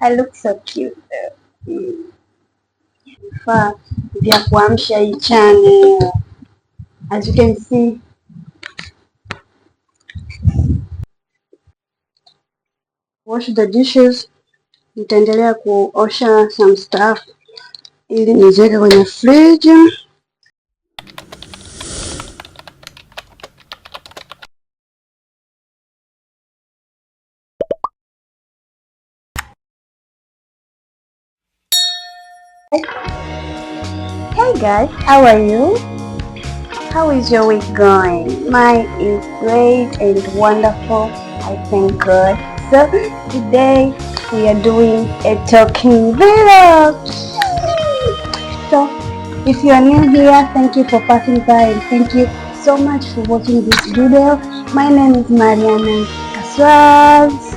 I look so cute though. Vifaa vya kuamsha hii channel. As you can see. Wash the dishes. Nitaendelea kuosha some stuff ili niziweke kwenye fridge. guys. How are you? How is your week going? Mine is great and wonderful. I thank God. So today we are doing a talking vlog. So if you are new here, thank you for passing by and thank you so much for watching this video. My name is Mariana Casuals.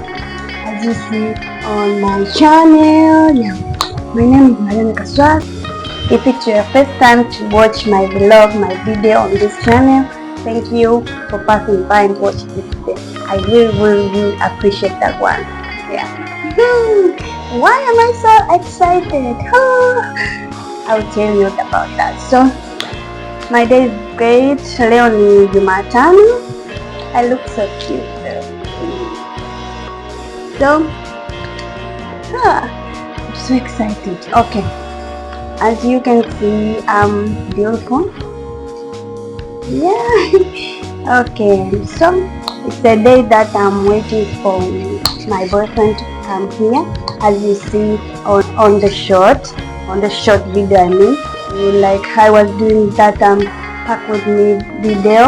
As you see on my channel, yeah. My name is Mariana Casuals. If it's your first time to watch my vlog, my video on this channel, thank you for passing by and watching it today. I really, really, really appreciate that one. Yeah. Why am I so excited? I'll tell you about that. So, my day is great. Leonie ni Jumatano. I look so cute So, ah, I'm so excited. Okay as you can see um beautiful yeah okay so it's the day that i'm waiting for my boyfriend to come here as you see on, on the short on the short video i mean like i was doing that um pack with me video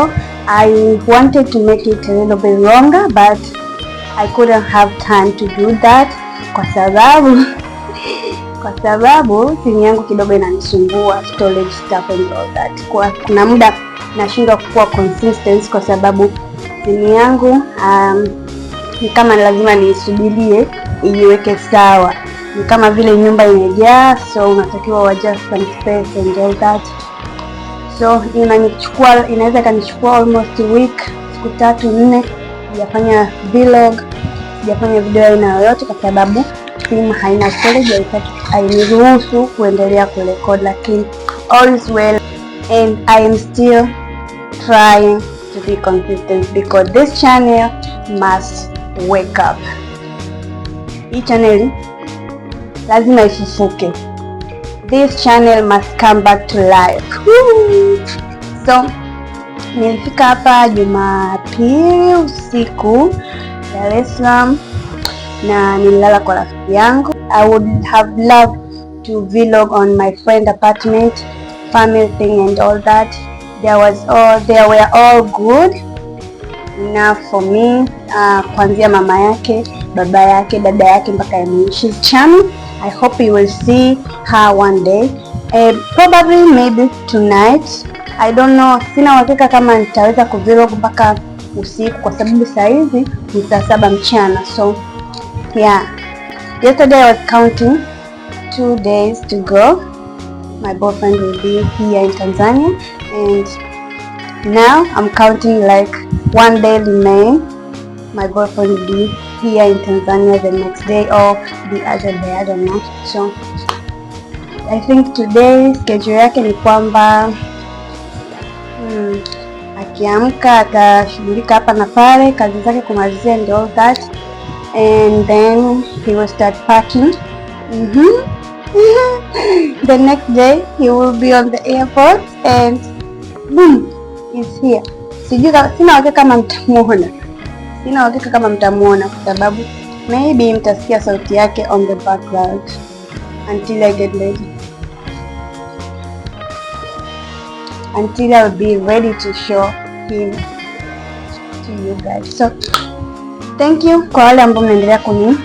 i wanted to make it a little bit longer but i couldn't have time to do that because sababu kwa sababu simu yangu kidogo inanisumbua storage stuff and all that. Kwa kuna muda nashindwa kuwa consistent kwa sababu simu yangu um, ni kama lazima niisubirie ijiweke sawa, ni kama vile nyumba imejaa, so unatakiwa wa just some space and all that. So inanichukua, inaweza ikanichukua almost week, siku tatu nne, sijafanya vlog, sijafanya video aina yoyote kwa sababu simu haina storage, hainiruhusu kuendelea kurekod, lakini all is well and I am still trying to be consistent because this channel must wake up. Hii channel lazima ifufuke. This channel must come back to life. So nilifika hapa Jumapili usiku Dar es Salaam na nililala kwa rafiki yangu. I would have loved to vlog on my friend apartment, family thing and all that. There was all, there were all good na for me uh, kuanzia mama yake, baba yake, dada yake mpaka ya she's charming. I hope you will see her one day. Uh, probably maybe tonight. I don't know, sina uhakika kama nitaweza kuvlog mpaka usiku kwa sababu saa hizi ni saa saba mchana so Yeah. Yesterday I was counting two days to go. My boyfriend will be here in Tanzania and now I'm counting like one day remain. My boyfriend will be here in Tanzania the next day or the other day, I don't know. So I think today schedule yake ni kwamba hmm, akiamka atashughulika hapa na pale kazi zake kumalizia all that and then he will start packing. Mm-hmm. the next day he will be on the airport and boom, is here. Sijui, sina uhakika kama mtamwona sina uhakika kama mtamuona kwa sababu maybe mtasikia sauti yake on the background until I get ready until I'll be ready to show him to you guys so Thank you kwa wale ambao mnaendelea kuni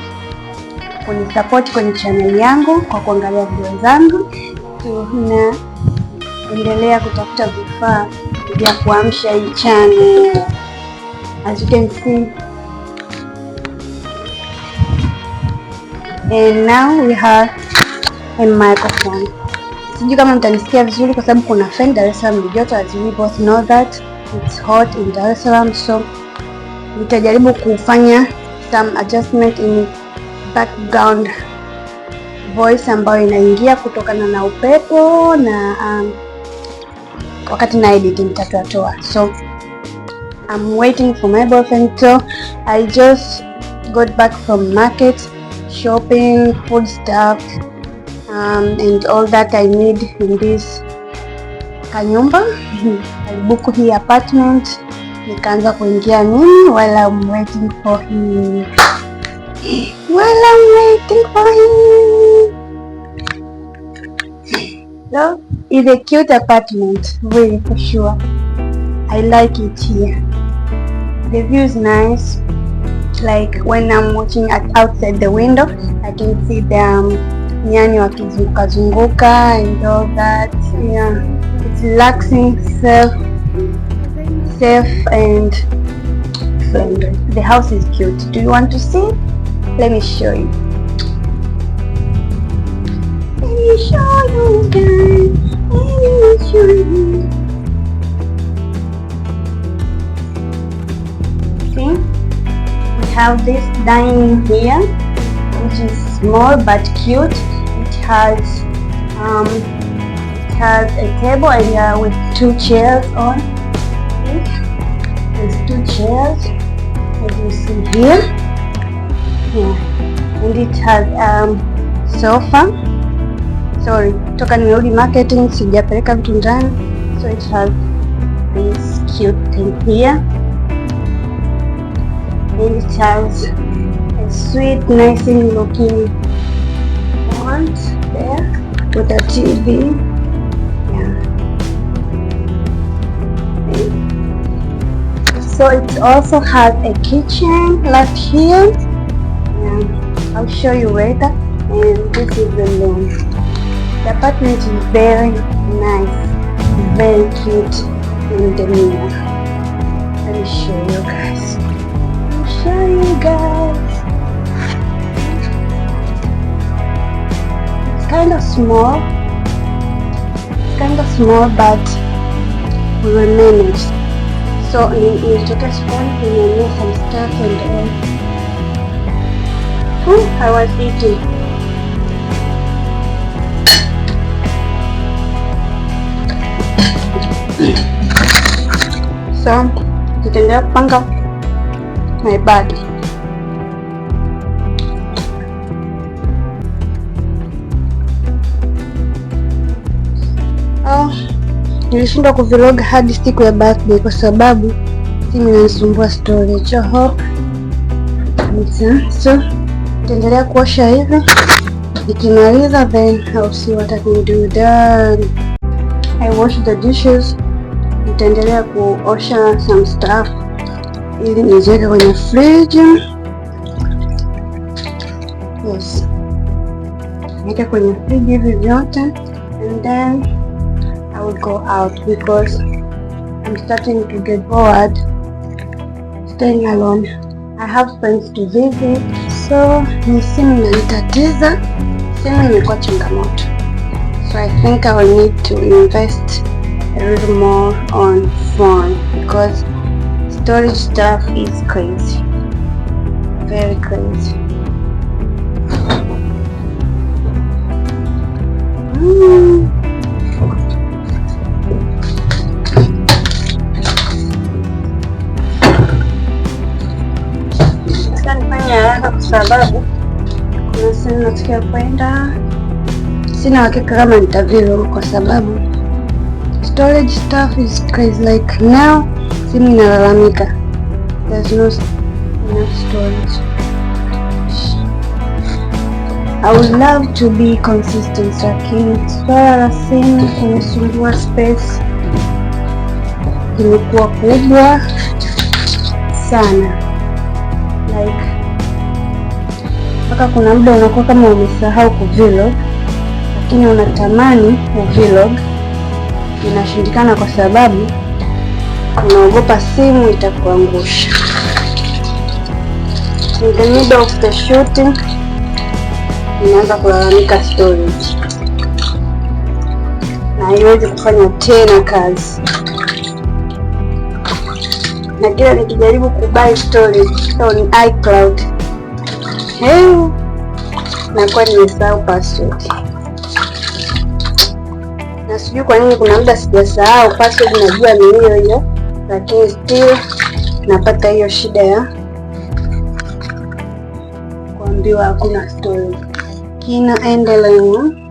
kuni support kwenye channel yangu kwa kuangalia video zangu. Tunaendelea kutafuta vifaa vya kuamsha hii channel. As you can see. And now we have a microphone. Sijui kama mtanisikia vizuri kwa sababu kuna fan Dar es Salaam ni joto, as we both know that it's hot in Dar es Salaam so nitajaribu kufanya some adjustment in background voice ambayo inaingia kutokana na upepo na um, wakati na edit nitatoatoa, so I'm waiting for my boyfriend. So I just got back from market shopping food stuff um, and all that I need in this kanyumba. I book hii apartment nikaanza kuingia mimi, while I'm waiting for him, while I'm waiting for him. So it's a cute apartment really for sure. I like it here. The view is nice. Like when I'm watching at outside the window, I can see the um, nyani wakizunguka zunguka and all that. Yeah. It's relaxing self safe and, friendly. the house is cute. Do you want to see? Let me show you. Let me show you guys. Let me show you. See? We have this dining here, which is small but cute. It has um, it has a table and uh, with two chairs on there's two chairs, as you see here. Yeah. And it has um, sofa. Sorry, toka nimerudi marketing sijapeleka vitu ndani. So it has this cute thing here. And it has a sweet, nice looking font there with a TV. So it also has a kitchen left here. And I'll show you later. And this is the room. The apartment is very nice, very cute in the mirror. Let me show you guys. I'll show you guys. It's kind of small. It's kind of small, but we will manage. So, ayun, electrical spoon, tingnan niya some stuff and all. Hmm, I was eating. so, dito na panggaw. My body. Oh. Nilishindwa kuvilog hadi siku ya birthday kwa sababu simu inanisumbua storage. Oho, so nitaendelea kuosha hivi, nikimaliza then I'll see what I can do then I wash the dishes. Nitaendelea kuosha some stuff ili niziweke kwenye fridge. Yes, weka kwenye fridge hivi vyote and then I will go out because I'm starting to get bored staying alone. I have friends to visit, so So I think I will need to invest a little more on phone because storage stuff is crazy, very crazy. sababu kuna sehemu natakiwa kwenda, sina hakika kama nitavyo, kwa sababu storage stuff is crazy like now, simu inalalamika there's no enough storage. I would love to be consistent, lakini swala la simu kunisumbua, space imekuwa kubwa sana like mpaka kuna muda unakuwa kama umesahau kuvilog, lakini unatamani kuvilog, inashindikana kwa sababu unaogopa simu itakuangusha. In the middle of the shooting inaanza kulalamika storage, na haiwezi kufanya tena kazi na kila nikijaribu kubai storage au ni iCloud Hmm. nakuwa nimesahau password na sijui kwa nini, kuna muda sijasahau password, najua ni hiyo hiyo, lakini still napata hiyo shida ya kuambiwa hakuna kina Kinaendelea.